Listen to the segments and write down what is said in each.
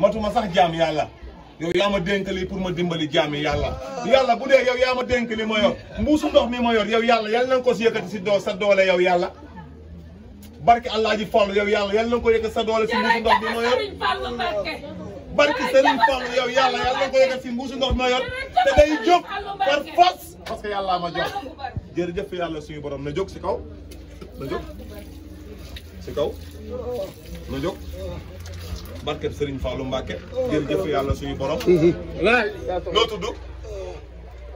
matuma sax jaam yàlla yow yaa ma dénk lii pour ma dimbali jaami yàlla yàlla bu dee yow yaa ma dénk li ma yor mbuusu ndox mi ma yor yow yàlla yàlla na ko si yëkkati si doo sa doole yow yàlla barki Alaaji Fall yow yàlla yal na ko yëkkati sa doole si mbuusu ndox mi ma yor barki Serigne Fall yow yàlla yal na ko yëkkati si mbuusu ndox mi ma yor te day jóg par force parce que yàllaa ma jox jërëjëf yàlla suñu borom na jóg si kaw na jóg si kaw na jóg barkeb Serigne Fallou Mbacke oh, jërëjëf yàlla suñu borom. noo tudd.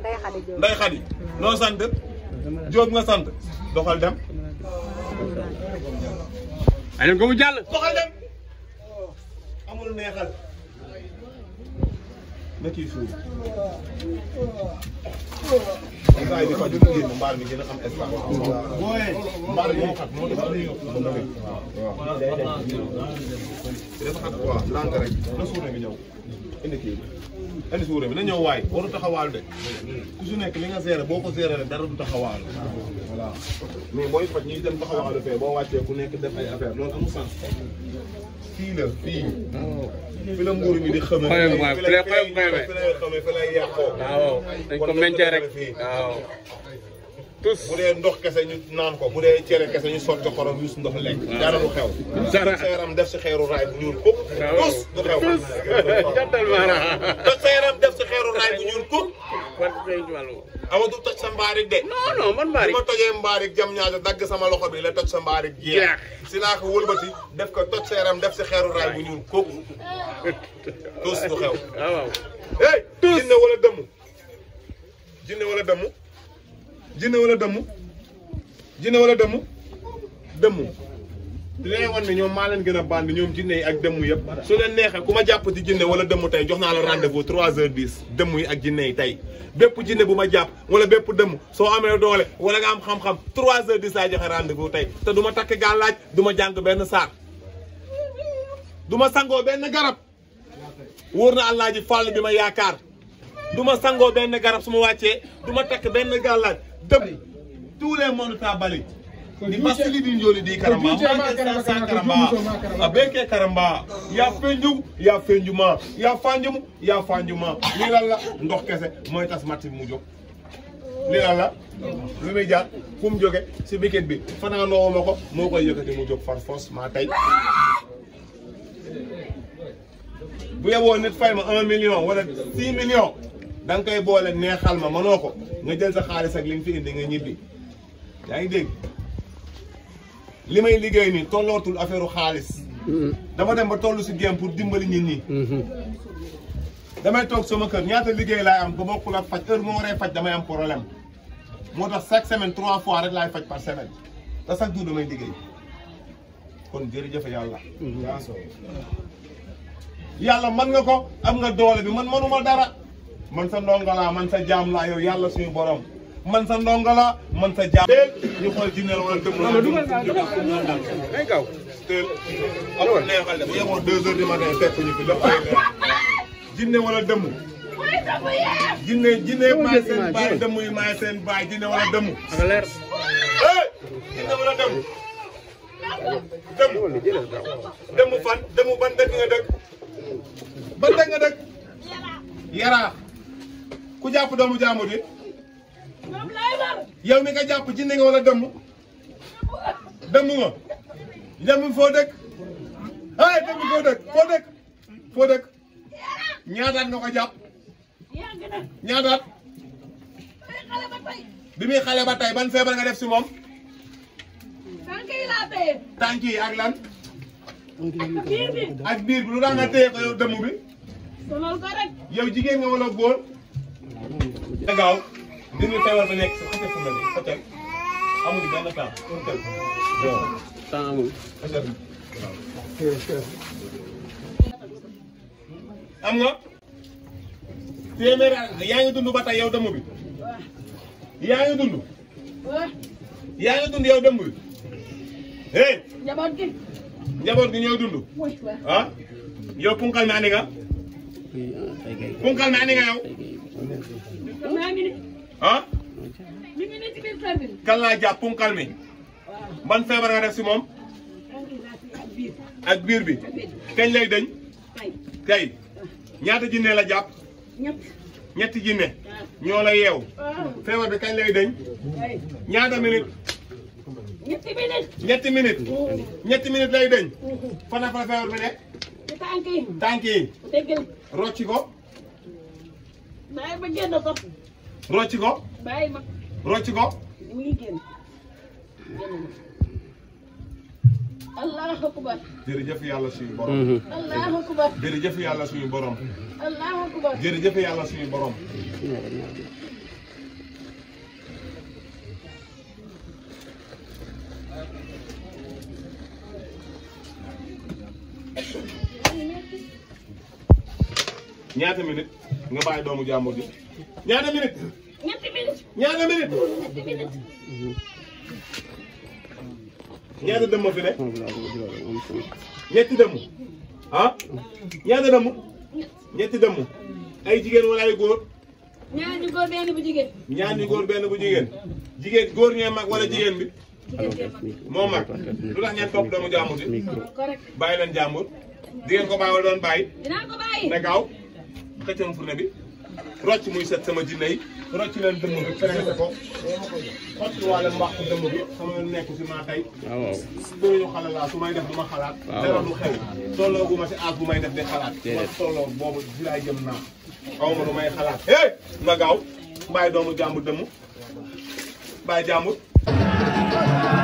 Ndeye Khady Diop Ndeye Khady noo sant. Diop nga sant doxal dem. ay dem mu jàll. doxal dem amul neexal. na kii suuf. waaye bi fa jot a génn mbaar mi gën a am espace. mbaar bi moo xat moo tax ñu mën a wér. waaw dafa xat quoi lànk rek. na suuna indi kii bi indi suura bi na ñëw waay waru taxawaalu de ku su nekk li nga gérer boo ko gérer rek dara du taxawaalu voilà mais booy faj ñuy dem taxawaalu fee boo wàccee ku nekk def ay affaire loolu amul sens fii la fii fi la mbuur mi di xame fi la fi la xame fi la yàqoo dañ ko meññee rek waaw bu dee ndox kese ñu naan ko bu dee cere kese ñu sotti xorom yuus ndox lekk. dara du xew. dara sa yaram def si xeeru raay bu ñuul kuk. tus du xew. jantal maanaam. toj sa sa mbaarik de. non non man mbaarik. bu ma tojee mbaarik jam ñaata dagg sama loxo sa mbaarik jeex. si laa ko wëlbati ko toj sa yaram def si xeeru raay bu ñuul kuk. tus du xew. Ah, jinne wala dëmm. jinne wala dëmm. jinne wala dëmm jinne wala dëmm dëmm dinañ wan ne ñoom maa leen gën a bànd ñoom jinne yi ak dëmm yëpp su leen neexee ku ma jàpp ci jinne wala dëmm tey jox naa la rendez-vous trois heures dix dëmm yi ak jinne yi tey bépp jinne bu ma jàpp wala bépp dëmm soo amee doole wala nga am xam-xam trois heures dix laay joxe rendez-vous tey te du ma takk gaa laaj du ma jàng benn saar du ma sangoo benn garab wóor na àllaaji fàll bi ma yaakaar du ma sangoo benn garab su ma wàccee du ma takk benn gàllaaj dëpp tous les mondes bali ni masilidi jolidi karamba maake sa karamba abeke karamba ya fenjum ya fenjuma ya fanjum ya li lan ndox kese mooy tas matt mu jóg li lan lu muy jaar fu jóge si biket bi fanaanoo ma ko moo koy yëkkati mu jóg far force maa tey bu yeboo nit fay ma un million wala six millions da koy boole neexal ma mënoo ko nga jël sa xaalis ak li nga fi indi nga ñibbi yaa ngi dégg li may liggéey nii tollootul affaire xaalis. Mm-hmm. dama dem ba tollu si géem pour dimbali nit ñi. Mm-hmm. damay toog sama kër ñaata liggéey laay am ba bokkul ak faj heure moo waree faj damay am problème moo tax chaque semaine trois fois rek laay faj par semaine te chaque jour damay liggéey kon jërëjëf yàlla. Mm-hmm. yàlla mën nga ko am nga doole bi man mënuma dara. man sa ndongo laa man sa jaam laa yow yàlla suñu borom man sa ndongo laa man sa jaam. teel ñu xool jinne la wala dëmm la. dugal naa dugal naa day gaaw. teel amul neexal de bu yemoon deux heures du matin fekk ñu fi lépp ay jinne wala dëmm. jinne jinne maay seen baay dëmm yi maay seen baay jinne wala dëmm. nga leer. jinne wala dëmm. dëmm dëmm fan dëmm ban dëkk nga dëkk. ban dëkk nga dëkk. yaraax. ku jàpp doomu jaamu di yow mi nga jàpp jinne nga wala dëmm dëmm nga dëmm foo dëkk ay dëmm foo dëkk foo dëkk ñaataat nga ko jàpp ñaataat bi muy xale ba tey ban feebar nga def si moom tànk yi laa ak lan ak biir bi lu tax nga téye bi sonal jigéen nga wala góor dina nekk su xasee fu am nga. téeméer yaa ngi dund ba tey yow dëmm bi yaa ngi dund. yaa ngi bi. hey. njaboot ah? punkal mi andi ah, punkal mi andi nga ah. kan laa jàpp punkal mi ban feebar nga si moom ak biir bi kañ lay dëñ tey ñaata jinne la jàpp ñetti jinne ñoo la yeew feebar bi kañ lay dëñ ñaata minute ñetti minute ñetti minute lay dëñ fan la fa feebar bi nekk tànk rocci ko bàyyi ma génn ko. rocci ko. bàyyi ma. rocci ko. mu ngi génn génn mhm. akbar. jërëjëf yàlla suñu borom. allahu akbar. jërëjëf borom. allahu akbar. jërëjëf borom. nga bàyyi doomu jàmbur ji ñaata minute. ñetti minute. ñaata minute. ñetti minute. ñaata dëmm fi ne. ñetti dëmm. ah ñaata dëmm. ñetti dëmm. ay jigéen wala ay góor. ñaar ñu góor benn bu jigéen. ñaar ñu góor benn bu jigéen. jigéen góor ñee mag wala jigéen bi. moo mag lu tax ngeen topp doomu jàmbur ji. bàyyi leen jàmbur. di ngeen ko bàyyi wala doon bàyyi. ne gaaw. xëccoon fourne bi rocc muy set sama jinne yi rocc leen dëmm bi pressé ko xott wala mbàq dëmm bi sama nekku si maa tey ah, bëriñu xala laa su may def ma xalaat ah, may def di xalaat man boobu di jëm naa xaw ma may xalaat é nga gaaw bàyyi doomu jàmbur dëmm bàyyi jàmbur